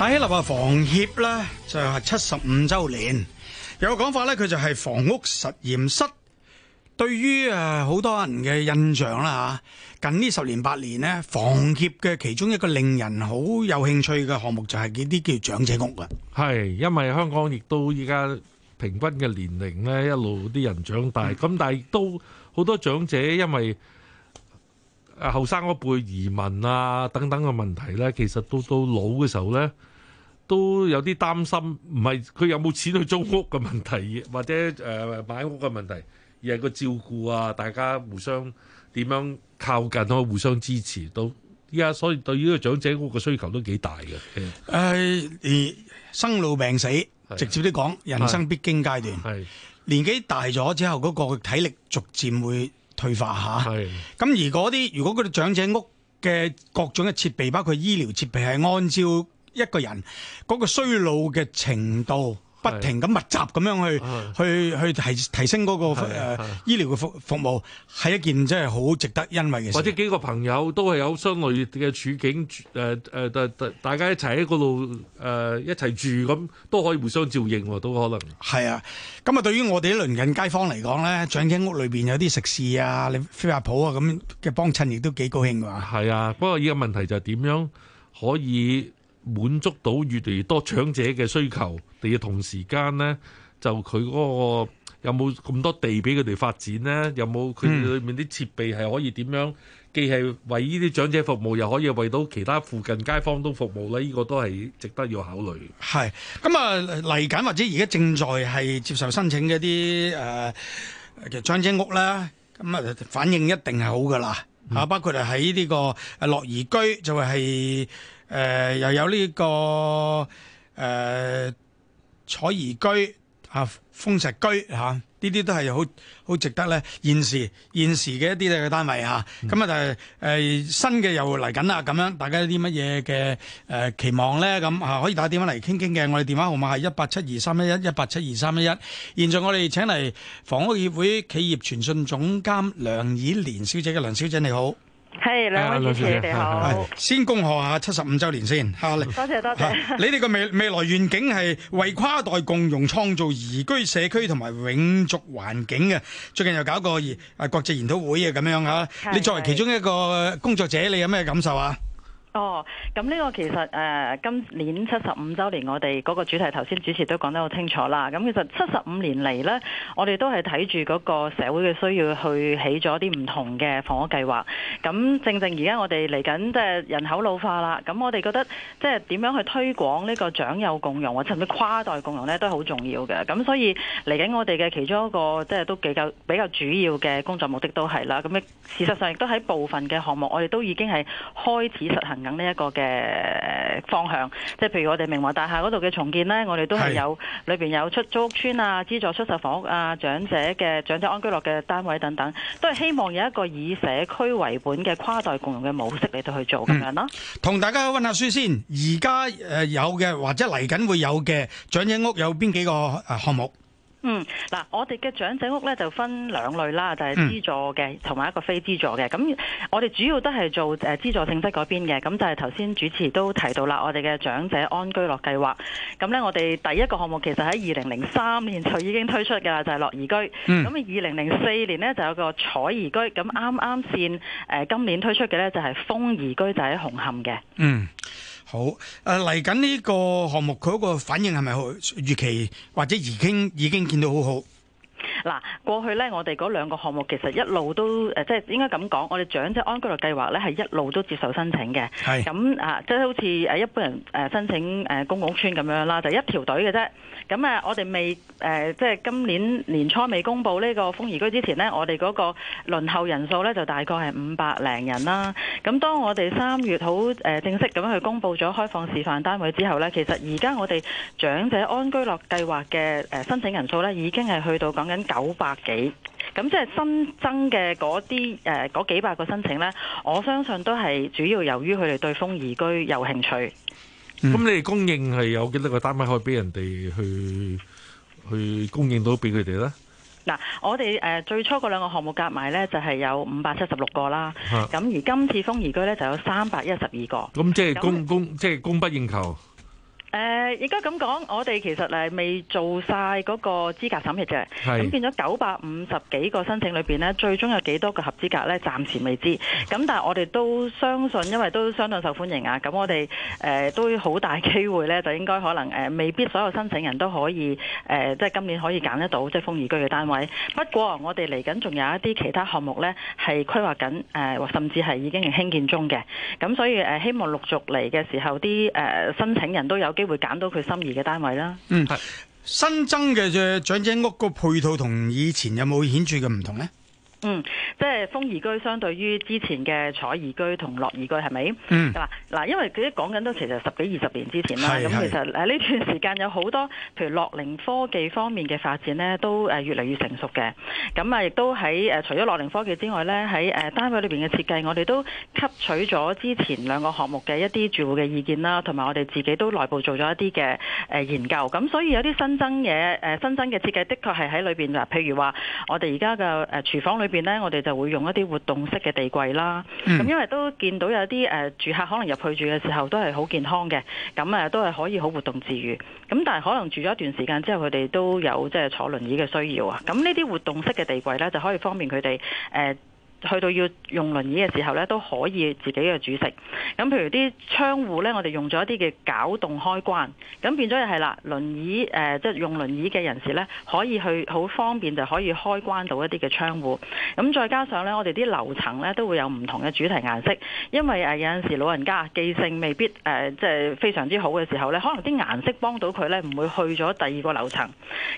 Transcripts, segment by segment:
大起立啊！房協咧就係七十五周年，有個講法咧，佢就係房屋實驗室，對於誒好多人嘅印象啦吓，近呢十年八年咧，房協嘅其中一個令人好有興趣嘅項目就係呢啲叫長者屋㗎。係，因為香港亦都依家平均嘅年齡咧，一路啲人長大，咁但係都好多長者因為誒後生嗰輩移民啊等等嘅問題咧，其實都都老嘅時候咧。都有啲擔心，唔係佢有冇錢去租屋嘅問題，或者誒、呃、買屋嘅問題，而係個照顧啊，大家互相點樣靠近，可以互相支持。到依家，所以對呢個長者屋嘅需求都幾大嘅、呃。而生老病死、啊、直接啲講，人生必經階段。啊啊啊、年紀大咗之後，嗰、嗰個體力逐漸會退化嚇。咁、啊啊、而嗰啲，如果嗰啲長者屋嘅各種嘅設備，包括醫療設備，係按照一個人嗰、那個衰老嘅程度，不停咁密集咁樣去的去去提提升嗰、那個誒的、呃、醫療嘅服服務，係一件真係好值得欣慰嘅事。或者幾個朋友都係有相類嘅處境，誒、呃、誒，大、呃、大家一齊喺嗰度誒一齊住咁，都可以互相照應喎，都可能。係啊，咁啊，對於我哋啲鄰近街坊嚟講咧，長者屋裏邊有啲食肆啊、你飛髮鋪啊咁嘅幫襯，亦都幾高興㗎。係啊，不過依個問題就係點樣可以滿足到越嚟越多長者嘅需求，又要同時間呢，就佢嗰個有冇咁多地俾佢哋發展呢？有冇佢哋裏面啲設備係可以點樣？既係為呢啲長者服務，又可以為到其他附近街坊都服務咧？呢個都係值得要考慮。係咁啊，嚟緊或者而家正在係接受申請嘅啲誒長者屋啦，咁啊反應一定係好噶啦嚇，嗯、包括係喺呢個樂頤居就係。誒、呃、又有呢、這個誒彩頤居啊，豐石居嚇，呢、啊、啲都係好好值得咧。現時現時嘅一啲嘅單位嚇，咁啊誒、嗯就係呃、新嘅又嚟緊啦，咁樣大家有啲乜嘢嘅誒期望咧？咁啊可以打電話嚟傾傾嘅，我哋電話號碼係一八七二三一一一八七二三一一。現在我哋請嚟房屋協會企業傳訊總監梁綺蓮小姐嘅，梁小姐你好。係兩、hey, 位主持，hey, 你好。Hey, hey, hey, hey. 先恭賀下七十五周年先。多謝多謝。你哋嘅未未來願景係為跨代共融創造宜居社區同埋永續環境嘅。最近又搞個誒國際研討會啊，咁樣吓。你作為其中一個工作者，你有咩感受啊？哦，咁呢個其實誒、呃，今年七十五周年，我哋嗰個主題頭先主持都講得好清楚啦。咁其實七十五年嚟咧，我哋都係睇住嗰個社會嘅需要去起咗啲唔同嘅房屋計劃。咁正正而家我哋嚟緊即係人口老化啦。咁我哋覺得即係點樣去推廣呢個長幼共融或者跨代共融咧，都係好重要嘅。咁所以嚟緊我哋嘅其中一個即係都比較比較主要嘅工作目的都係啦。咁事實上亦都喺部分嘅項目，我哋都已經係開始實行。等呢一個嘅方向，即係譬如我哋明華大廈嗰度嘅重建呢，我哋都係有是裏邊有出租屋邨啊，資助出售房屋啊，長者嘅長者安居樂嘅單位等等，都係希望有一個以社區為本嘅跨代共用嘅模式嚟到去做咁、嗯、樣咯。同大家溫一下書先，而家誒有嘅或者嚟緊會有嘅長者屋有邊幾個誒項目？嗯，嗱，我哋嘅長者屋咧就分兩類啦，就係資助嘅同埋一個非資助嘅。咁我哋主要都係做誒資助性質嗰邊嘅。咁就係頭先主持都提到啦，我哋嘅長者安居樂計劃。咁咧，我哋第一個項目其實喺二零零三年就已經推出嘅，就係樂頤居。咁二零零四年呢，就有個彩頤居。咁啱啱先今年推出嘅咧就係豐頤居，就喺紅磡嘅。嗯。好，誒嚟緊呢個項目，佢個反應係咪好預期或者已經已經見到好好？嗱，過去呢，我哋嗰兩個項目其實一路都即係、就是、應該咁講，我哋長者安居樂計劃呢係一路都接受申請嘅。咁啊係，即係、就是、好似一般人申請公共屋邨咁樣啦，就是、一條隊嘅啫。咁啊，我哋未即係今年年初未公布呢個風移居之前呢，我哋嗰個輪候人數呢就大概係五百零人啦。咁當我哋三月好正式咁去公佈咗開放示範單位之後呢，其實而家我哋長者安居樂計劃嘅申請人數呢已經係去到講緊。九百幾，咁即係新增嘅嗰啲誒，嗰幾百個申請咧，我相信都係主要由於佢哋對豐頤居有興趣。咁你哋供應係有幾多個單位可以俾人哋去去供應到俾佢哋咧？嗱，我哋誒最初嗰兩個項目夾埋咧就係有五百七十六個啦，咁而今次豐頤居咧就有三百一十二個。咁即係供供，即係供不應求。誒，uh, 應該咁講，我哋其實未做曬嗰個資格審核嘅。咁變咗九百五十幾個申請裏面呢，呢最終有幾多個合資格呢？暫時未知。咁但我哋都相信，因為都相當受歡迎啊。咁我哋誒、呃、都好大機會呢，就應該可能、呃、未必所有申請人都可以、呃、即係今年可以揀得到即係豐頤居嘅單位。不過我哋嚟緊仲有一啲其他項目呢，係規劃緊誒、呃，甚至係已經係興建中嘅。咁所以、呃、希望陸續嚟嘅時候，啲、呃、申請人都有機會揀到佢心儀嘅單位啦。嗯，係新增嘅嘅長者屋個配套同以前有冇顯著嘅唔同咧？.嗯，即係豐頤居相對於之前嘅彩頤居同樂頤居係咪？是不是嗯。嗱嗱，因為佢啲講緊都其實十幾二十年之前啦，咁是是 其實誒呢段時間有好多，譬如樂齡科技方面嘅發展咧，都誒越嚟越成熟嘅。咁啊，亦都喺誒除咗樂齡科技之外咧，喺誒單位裏邊嘅設計，我哋都吸取咗之前兩個項目嘅一啲住戶嘅意見啦，同埋我哋自己都內部做咗一啲嘅誒研究。咁所以有啲新增嘢，誒新增嘅設計的確係喺裏邊，譬如話我哋而家嘅誒廚房裏。邊咧，我哋就會用一啲活動式嘅地櫃啦。咁因為都見到有啲誒、呃、住客可能入去住嘅時候都係好健康嘅，咁誒、呃、都係可以好活動自如。咁但係可能住咗一段時間之後，佢哋都有即係、就是、坐輪椅嘅需要啊。咁呢啲活動式嘅地櫃咧，就可以方便佢哋誒。呃去到要用輪椅嘅時候咧，都可以自己嘅煮食。咁譬如啲窗戶咧，我哋用咗一啲嘅攪動開關，咁變咗又係啦。輪椅誒、呃、即係用輪椅嘅人士咧，可以去好方便，就可以開關到一啲嘅窗戶。咁再加上咧，我哋啲樓層咧都會有唔同嘅主題顏色，因為誒有陣時老人家記性未必誒即係非常之好嘅時候咧，可能啲顏色幫到佢咧，唔會去咗第二個樓層，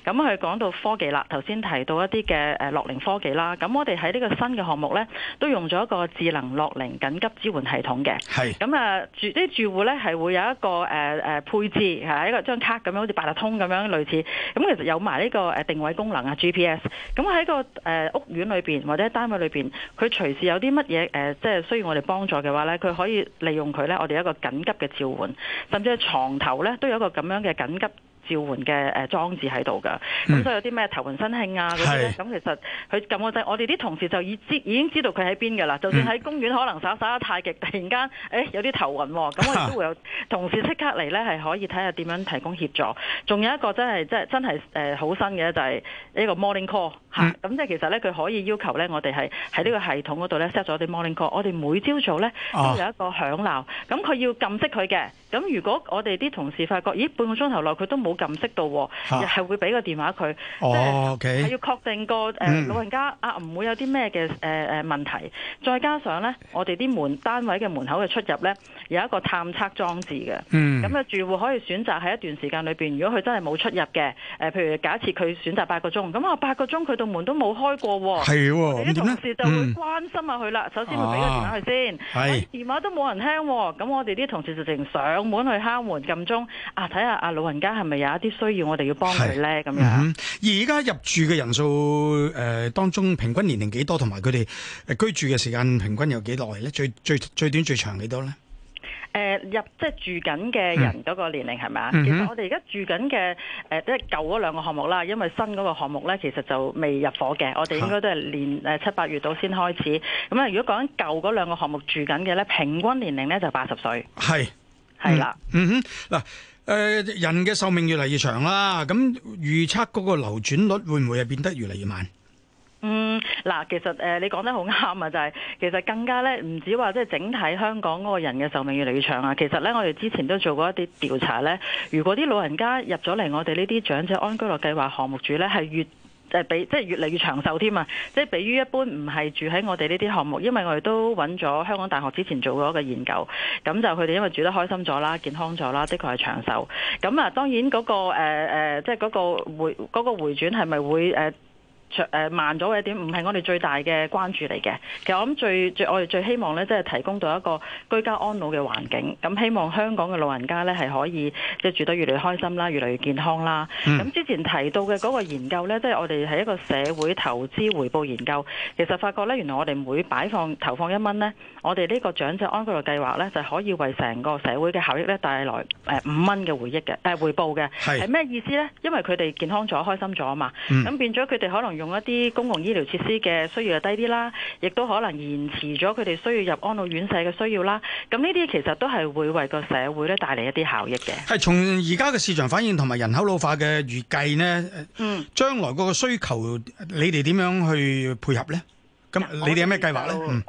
咁佢講到科技啦，頭先提到一啲嘅誒樂齡科技啦，咁我哋喺呢個新嘅項目。咧都用咗一個智能樂齡緊急支援系統嘅，咁啊是住啲住戶咧係會有一個誒誒、呃呃、配置，係一個張卡咁樣，好似八達通咁樣類似。咁其實有埋呢個誒定位功能啊 GPS。咁喺個誒、呃、屋苑裏邊或者單位裏邊，佢隨時有啲乜嘢誒，即係需要我哋幫助嘅話咧，佢可以利用佢咧，我哋一個緊急嘅召喚，甚至係床頭咧都有一個咁樣嘅緊急。召喚嘅、呃、裝置喺度噶，咁所以有啲咩頭暈身㷫啊嗰啲，咁是其實佢撳個掣，咁我哋啲同事就已知已經知道佢喺邊噶啦。就算喺公園，可能耍耍得太極，突然間誒、欸、有啲頭暈，啊，咁我亦都會有同事即刻嚟咧，係可以睇下點樣提供協助。仲有一個真係真真係誒好新嘅，就係、是、呢個 Morning Call。咁即係其實咧，佢可以要求咧，我哋係喺呢個系統嗰度咧 set 咗啲 morning call，我哋每朝早咧都有一個響鬧，咁佢、啊、要撳熄佢嘅。咁如果我哋啲同事發覺，咦半個鐘頭內佢都冇撳熄到，喎、啊，又係會俾個電話佢，即係要確定個誒、呃嗯、老人家啊唔會有啲咩嘅誒誒問題。再加上咧，我哋啲門單位嘅門口嘅出入咧有一個探測裝置嘅，咁啊、嗯、住戶可以選擇喺一段時間裏邊，如果佢真係冇出入嘅，誒、呃、譬如假設佢選擇八個鐘，咁啊八個鐘佢都。道門都冇開過，係啲的同事就會關心下佢啦。嗯、首先會俾個電話佢先，電話都冇人聽，咁的我哋啲同事就直上門去敲門、撳鐘啊，睇下阿老人家係咪有一啲需要，我要，我哋要幫佢咧咁樣、嗯。而而家入住嘅人數誒、呃、當中，平均年齡幾多？同埋佢哋誒居住嘅時間平均有幾耐咧？最最最短最長幾多咧？誒，入即係住緊嘅人嗰個年齡係咪啊？其實我哋而家住緊嘅誒，即係舊嗰兩個項目啦，因為新嗰個項目咧，其實就未入伙嘅，我哋應該都係年誒七八月度先開始。咁啊，如果講緊舊嗰兩個項目住緊嘅咧，平均年齡咧就八十歲，係係啦。嗯哼，嗱，誒，人嘅壽命越嚟越長啦，咁預測嗰個流轉率會唔會係變得越嚟越慢？嗱，其實誒，你講得好啱啊！就係、是、其實更加咧，唔止話即係整體香港嗰個人嘅壽命越嚟越長啊！其實咧，我哋之前都做過一啲調查咧。如果啲老人家入咗嚟我哋呢啲長者安居樂計劃項目住咧，係越誒比即係越嚟越長壽添啊！即係比於一般唔係住喺我哋呢啲項目，因為我哋都揾咗香港大學之前做過一個研究，咁就佢哋因為住得開心咗啦、健康咗啦，的確係長壽。咁啊，當然嗰、嗰個誒、呃、即係嗰個回嗰、嗰個、回轉係咪會誒？呃誒慢咗嘅一點唔係我哋最大嘅關注嚟嘅。其實我諗最最我哋最希望咧，即係提供到一個居家安老嘅環境。咁希望香港嘅老人家咧係可以即係住得越嚟越開心啦，越嚟越健康啦。咁、嗯、之前提到嘅嗰個研究咧，即係我哋係一個社會投資回報研究，其實發覺咧，原來我哋每擺放投放一蚊咧，我哋呢個長者安居嘅計劃咧，就可以為成個社會嘅效益咧帶來誒五蚊嘅回憶嘅，誒回報嘅。係咩係意思咧？因為佢哋健康咗、開心咗啊嘛。咁、嗯、變咗佢哋可能用一啲公共醫療設施嘅需要就低啲啦，亦都可能延遲咗佢哋需要入安老院舍嘅需要啦。咁呢啲其實都係會為個社會咧帶嚟一啲效益嘅。係從而家嘅市場反應同埋人口老化嘅預計咧，嗯，將來個需求你哋點樣去配合咧？咁你哋有咩計劃咧？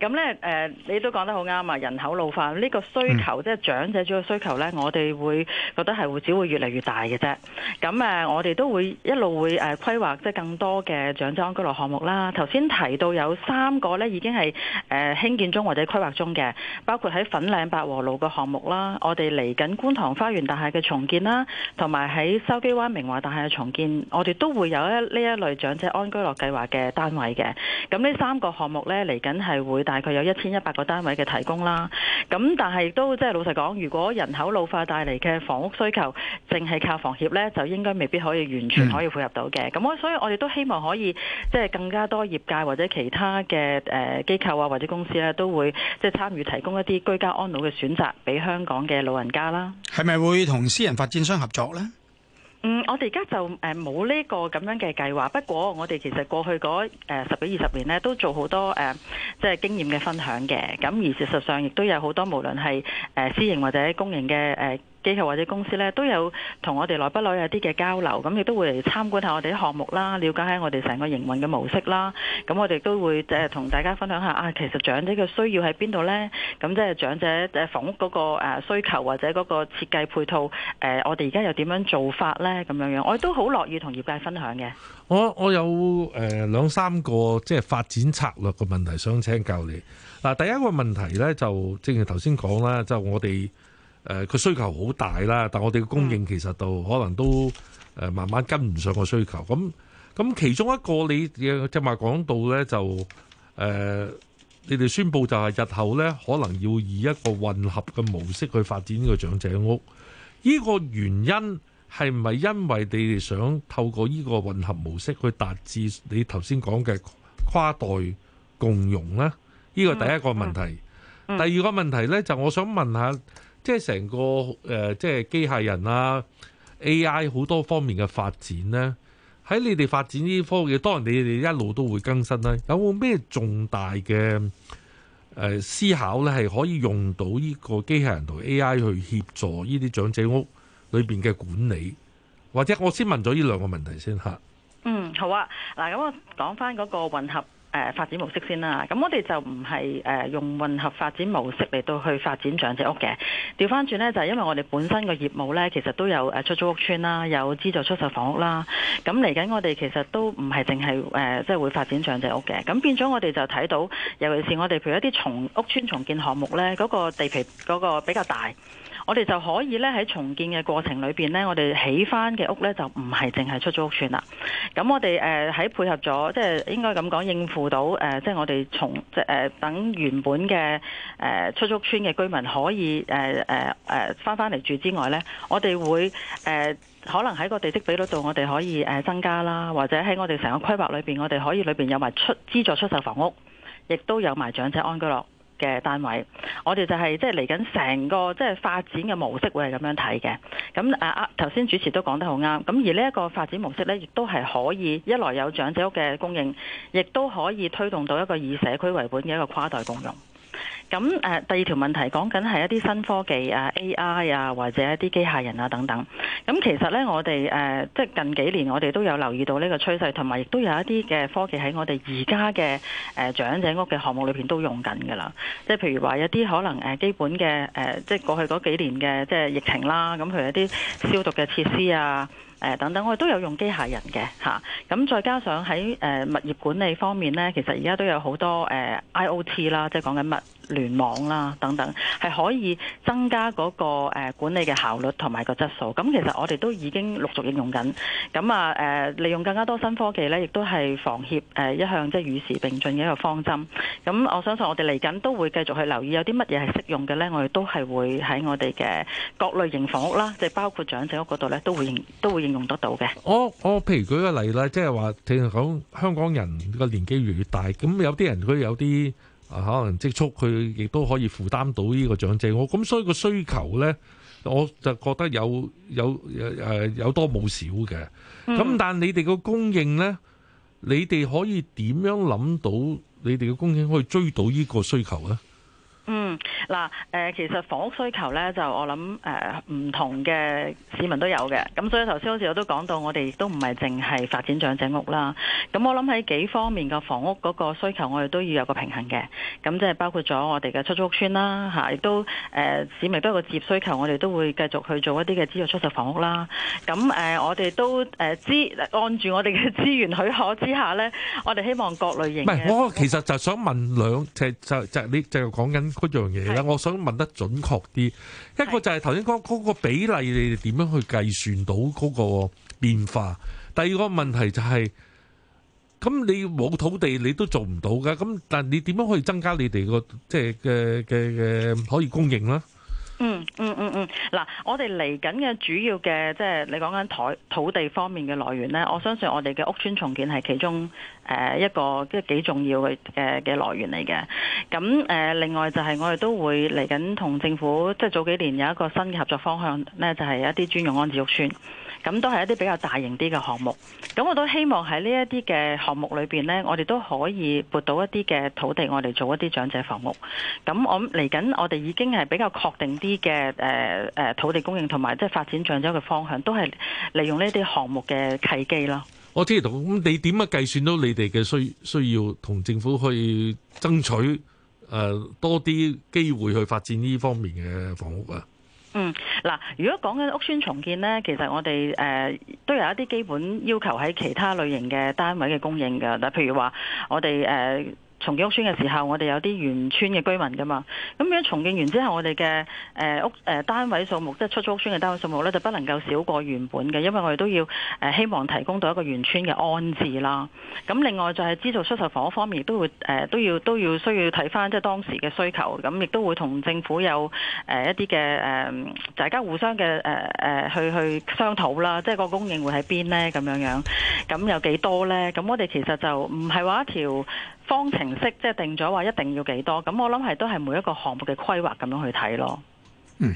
咁咧、嗯，誒、嗯， 你都講得好啱啊！人口老化呢、呢個需求，嗯、即係長者主要嘅需求咧，我哋會覺得係會只會越嚟越大嘅啫。咁我哋都會一路會規劃即係更多嘅長者安居樂項目啦。頭先提到有三個咧，已經係誒興建中或者規劃中嘅，包括喺粉嶺百和路嘅項目啦，我哋嚟緊觀塘花園大廈嘅重建啦，同埋喺筲箕灣明華大廈嘅重建，我哋都會有一呢一類長者安居樂計劃嘅單位嘅。咁呢三個項目呢，嚟緊係會大概有一千一百個單位嘅提供啦。咁但係都即係老實講，如果人口老化帶嚟嘅房屋需求，淨係靠房協呢，就應該未必可以完全可以配合到嘅。咁我、嗯、所以我哋都希望可以即係、就是、更加多業界或者其他嘅誒、呃、機構啊，或者公司呢，都會即係、就是、參與提供一啲居家安老嘅選擇俾香港嘅老人家啦。係咪會同私人發展商合作呢？嗯，我哋而家就誒冇呢個咁樣嘅計劃。不過我哋其實過去嗰誒十幾二十年咧，都做好多誒即係經驗嘅分享嘅。咁而事實上亦都有好多無論係誒私營或者公營嘅誒，呃機構或者公司咧都有同我哋來不來有啲嘅交流，咁亦都會嚟參觀下我哋啲項目啦，了解下我哋成個營運嘅模式啦。咁我哋都會誒同大家分享下啊，其實長者嘅需要喺邊度咧？咁即係長者誒房屋嗰個需求或者嗰個設計配套誒，我哋而家又點樣做法咧？咁樣樣，我亦都好樂意同業界分享嘅。我我有誒兩三個即係發展策略嘅問題想請教你嗱，第一個問題咧就正如頭先講啦，就我哋。誒，佢、呃、需求好大啦，但我哋嘅供應其實就可能都、呃、慢慢跟唔上個需求。咁、嗯、咁、嗯、其中一個你嘅即係話講到咧，就誒、呃、你哋宣布就係日後咧，可能要以一個混合嘅模式去發展呢個長者屋。呢、呢個原因係唔係因為你哋想透過呢個混合模式去達至你頭先講嘅跨代共融咧？呢、呢個第一個問題。嗯嗯嗯、第二個問題咧，就我想問下。即係成個誒，即係機械人啊，AI 好多方面嘅發展咧，喺你哋發展呢啲科技，當然你哋一路都會更新啦。有冇咩重大嘅誒思考咧，係可以用到呢個機械人同 AI 去協助呢啲長者屋裏邊嘅管理？或者我先問咗呢兩個問題先吓。嗯，好啊，嗱，咁我講翻嗰個混合，誒、呃、發展模式先啦，咁我哋就唔係誒用混合發展模式嚟到去發展長者屋嘅。調返轉呢，就係、是、因為我哋本身個業務呢，其實都有出租屋邨啦，有資助出售房屋啦。咁嚟緊我哋其實都唔係淨係誒，即係會發展長者屋嘅。咁變咗我哋就睇到，尤其是我哋譬如一啲重屋邨重建項目呢，嗰、那個地皮嗰個比較大。我哋就可以咧喺重建嘅過程裏邊呢，我哋起翻嘅屋呢，就唔係淨係出租屋邨啦。咁我哋誒喺配合咗，即係應該咁講應付到誒，即係我哋從即係等原本嘅誒出租屋邨嘅居民可以誒誒誒翻翻嚟住之外呢，我哋會誒可能喺個地積比率度我哋可以誒增加啦，或者喺我哋成個規劃裏邊我哋可以裏邊有埋出資助出售房屋，亦都有埋長者安居樂。嘅單位，我哋就係即係嚟緊成個即係發展嘅模式會係咁樣睇嘅。咁啊頭先主持都講得好啱。咁而呢一個發展模式呢，亦都係可以一來有長者屋嘅供應，亦都可以推動到一個以社區為本嘅一個跨代共用。咁誒、呃、第二條問題講緊係一啲新科技啊 AI 啊或者一啲機械人啊等等，咁其實呢，我哋誒、呃、即係近幾年我哋都有留意到呢個趨勢，同埋亦都有一啲嘅科技喺我哋而家嘅誒長者屋嘅項目裏邊都用緊㗎啦，即係譬如話一啲可能誒基本嘅誒、呃、即係過去嗰幾年嘅即係疫情啦，咁、啊、譬如一啲消毒嘅設施啊。誒等等，我哋都有用機械人嘅嚇。咁、啊、再加上喺誒、呃、物業管理方面呢，其實而家都有好多誒、呃、IoT 啦，即係講緊物聯網啦，等等係可以增加嗰、那個、呃、管理嘅效率同埋個質素。咁、啊、其實我哋都已經陸續應用緊，咁啊誒、呃、利用更加多新科技呢，亦都係房協誒、啊、一向即係與時並進嘅一個方針。咁、啊、我相信我哋嚟緊都會繼續去留意有啲乜嘢係適用嘅呢。我哋都係會喺我哋嘅各類型房屋啦、啊，即係包括長者屋嗰度呢，都會都會。都會用得到嘅我我譬如舉個例啦，即係話聽講香港人個年紀越嚟越大，咁有啲人佢有啲啊，可能積蓄佢亦都可以負擔到呢個長者。我咁所以個需求咧，我就覺得有有誒有，有多冇少嘅。咁但係你哋個供應咧，你哋可以點樣諗到你哋嘅供應可以追到呢個需求咧？嗯，嗱，誒，其實房屋需求咧，就我諗誒，唔同嘅市民都有嘅，咁所以頭先好似我都講到，我哋都唔係淨係發展長者屋啦。咁我諗喺幾方面嘅房屋嗰個需求，我哋都要有個平衡嘅。咁即係包括咗我哋嘅出租屋邨啦，亦都誒市民都有個置業需求，我哋都會繼續去做一啲嘅資助出售房屋啦。咁誒，我哋都誒資按住我哋嘅資源許可之下咧，我哋希望各類型。我其實就想問兩，就是、就就你就講緊。嗰樣嘢咧，我想問得準確啲。一個就係頭先講嗰個比例，你哋點樣去計算到嗰個變化？第二個問題就係，咁你冇土地你都做唔到㗎。咁但係你點樣可以增加你哋個即係嘅嘅嘅可以供應咧？嗯嗯嗯嗯，嗱、嗯嗯嗯，我哋嚟緊嘅主要嘅即係你講緊台土地方面嘅來源呢。我相信我哋嘅屋邨重建係其中誒一個即係幾重要嘅嘅嘅來源嚟嘅。咁誒、呃，另外就係我哋都會嚟緊同政府即係早幾年有一個新嘅合作方向呢就係、是、一啲專用安置屋邨。咁都係一啲比較大型啲嘅項目，咁我都希望喺呢一啲嘅項目裏面呢，我哋都可以撥到一啲嘅土地，我哋做一啲長者房屋。咁我嚟緊，我哋已經係比較確定啲嘅、呃，土地供應同埋即係發展長者嘅方向，都係利用呢啲項目嘅契機咯。我知道咁，你點樣計算到你哋嘅需需要同政府去爭取、呃、多啲機會去發展呢方面嘅房屋啊？嗯，嗱，如果講緊屋邨重建咧，其實我哋誒、呃、都有一啲基本要求喺其他類型嘅單位嘅供應噶，嗱，譬如話我哋誒，呃重建屋邨嘅時候，我哋有啲原村嘅居民噶嘛。咁樣重建完之後，我哋嘅誒屋誒、呃、單位數目，即係出租屋邨嘅單位數目咧，就不能夠少過原本嘅，因為我哋都要、呃、希望提供到一個原村嘅安置啦。咁另外就係資助出售房屋方面，都會誒、呃、都要都要需要睇返即係當時嘅需求。咁亦都會同政府有誒、呃、一啲嘅誒大家互相嘅誒誒去去商討啦。即係個供應會喺邊呢？咁樣樣咁有幾多咧？咁我哋其實就唔係話一條。方程式即係定咗話一定要幾多，咁我諗係都係每一個項目嘅規劃咁樣去睇咯。嗯，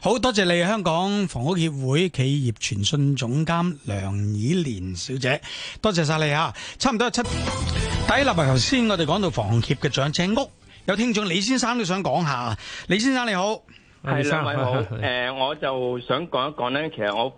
好多謝你，香港房屋協會企業傳訊總監梁綺蓮小姐，多謝晒你嚇。差唔多七，第一立啊，頭先我哋講到房協嘅長者屋，有聽眾李先生都想講下。李先生你好，李生，兩位好。 uh, 我就想講一講呢，其實我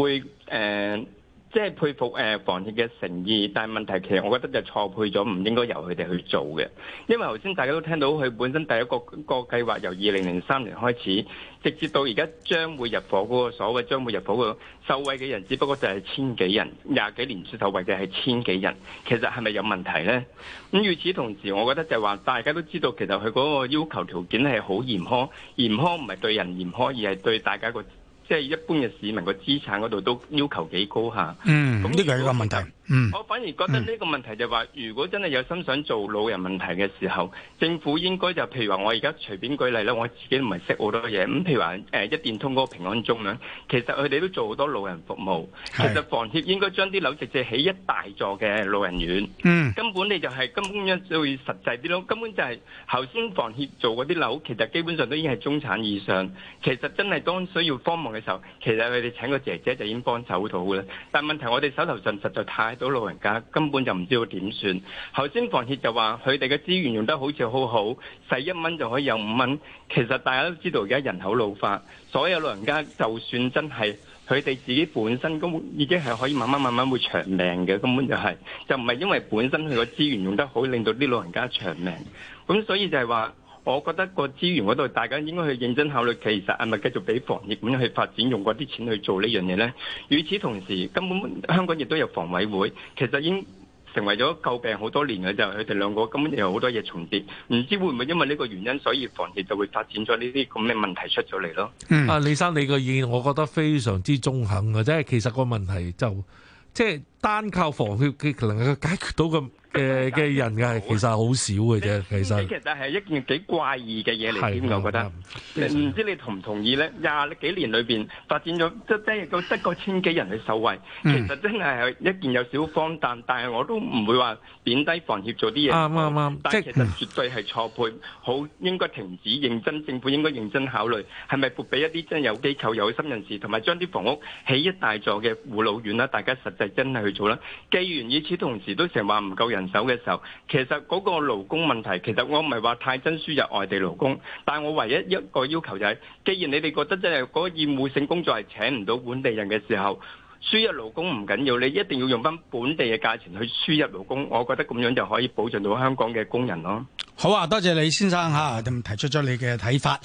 會、uh, 即係佩服誒房協嘅誠意，但係問題其實我覺得就錯配咗，唔應該由佢哋去做嘅。因為頭先大家都聽到佢本身第一個個計劃由二零零三年開始，直至到而家將會入伙嗰個所謂將會入伙個受惠嘅人，只不過就係千幾人，廿幾年先受惠嘅係千幾人。其實係咪有問題呢？咁與此同時，我覺得就係話大家都知道，其實佢嗰個要求條件係好嚴苛，嚴苛唔係對人嚴苛，而係對大家個。即係一般嘅市民個資產嗰度都要求幾高下，嗯，咁呢個係一個問題。嗯，我反而覺得呢個問題就係話，如果真係有心想做老人問題嘅時候，政府應該就譬如話，我而家隨便舉例啦，我自己唔係識好多嘢，咁譬如話、呃、一電通嗰個平安鐘啦，其實佢哋都做好多老人服務。其實房協應該將啲樓直接起一大座嘅老人院。是嗯，根本你就係根本就係根本要實際啲咯，根本就係頭先房協做嗰啲樓，其實基本上都已經係中產以上。其實真係當需要幫忙嘅時候，其實佢哋請個姐姐就已經幫手到啦。但問題我哋手頭上實在太。睇到老人家根本就唔知道點算。頭先房協就話佢哋嘅資源用得好似好好，使一蚊就可以有五蚊。其實大家都知道而家人口老化，所有老人家就算真係佢哋自己本身根本已經係可以慢慢慢慢會長命嘅，根本就係就唔係因為本身佢個資源用得好令到啲老人家長命。咁所以就係話。我覺得個資源嗰度，大家應該去認真考慮，其實係咪繼續俾房協咁樣去發展，用嗰啲錢去做呢樣嘢咧？與此同時，根本香港亦都有房委會，其實已經成為咗詬病好多年嘅，就係佢哋兩個根本就有好多嘢重疊，唔知會唔會因為呢個原因，所以房協就會發展咗呢啲咁嘅問題出咗嚟咯。嗯，啊李生，你個意見我覺得非常之中肯嘅啫。其實個問題就即係單靠房協，佢能夠解決到嘅。嘅嘅人嘅，其實好少嘅啫。其實幾其實係一件幾怪異嘅嘢嚟添，我覺得。唔知你同唔同意咧？廿幾年裏邊發展咗，即即係都得過千幾人去受惠。其實真係係一件有少少荒誕，但係我都唔會話貶低房協做啲嘢。啱啱啱。但係其實絕對係錯配，好應該停止。認真政府應該認真考慮，係咪撥俾一啲真係有機構、有心人士，同埋將啲房屋起一大座嘅護老院啦？大家實際真係去做啦。既然與此同時都成日話唔夠人手嘅時候，其實嗰個勞工問題，其實我唔係話太憎輸入外地勞工，但係我唯一一個要求就係，既然你哋覺得真係嗰厭惡性工作係請唔到本地人嘅時候，輸入勞工唔緊要，你一定要用翻本地嘅價錢去輸入勞工，我覺得咁樣就可以保障到香港嘅工人咯。好啊，多謝李先生嚇，提出咗你嘅睇法。